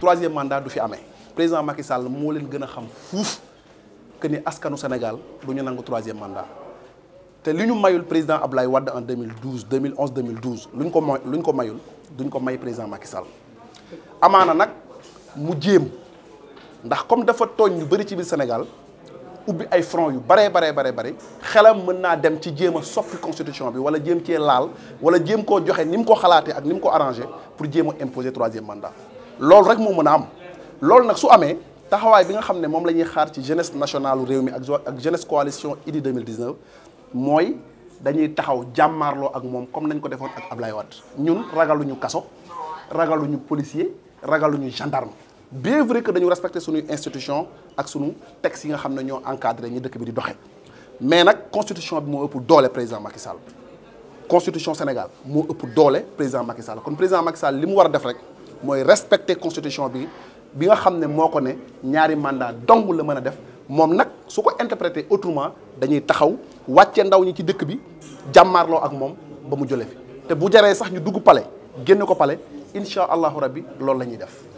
troisième mandat du fi président Macky Sall moo leen gën a xam fuuf que ni askanu Sénégal du ñu nangu troisième mandat te li ñu mayul président Ablaye Wad en 2012 2011 2012 luñ ko may luñ ko mayul duñ ko may président Macky Sall amaana nag mu jéem ndax comme dafa tooñ ñu ci Sénégal ubi ay front yu baré, baré. baree bëri xelam meuna dem ci jéem a soppi constitution bi wala jéem ci laal wala jéem ko joxe ni ko xalaatee ak ni ko arrangé pour jéem imposer troisième mandat loolu rek mo meuna am loolu nak su amé taxaway bi nga xamné mom lañuy xaar ci jeunesse nationale réew mi ak jeunesse coalition idi 2019 moy dañuy taxaw jamarlo ak mom comme nañ ko defoon ak Ablaye wat ñun ragaluñu kaso ragaluñu policier ragaluñu gendarme bien vrai que dañu respecter suñu institution ak suñu texte yi nga xamné ño ñoo encadré ñi dëkk bi di doxé mais nak constitution bi mo ëpp doolé président Macky Sall constitution Sénégal mo ëpp doolé président Macky Sall kon président Macky Sall li def rek. mooy respecter constitution bi bi nga xam ne moo ko ne ñaari mandat dong la mën a def moom nag su ko interpréter autrement dañuy taxaw wàcce ndaw ñi ci dëkk bi jàmmarloo ak moom ba mu jële fi te bu jaree sax ñu dugg pale génne ko pale incha allahu rabbi loolu la ñuy def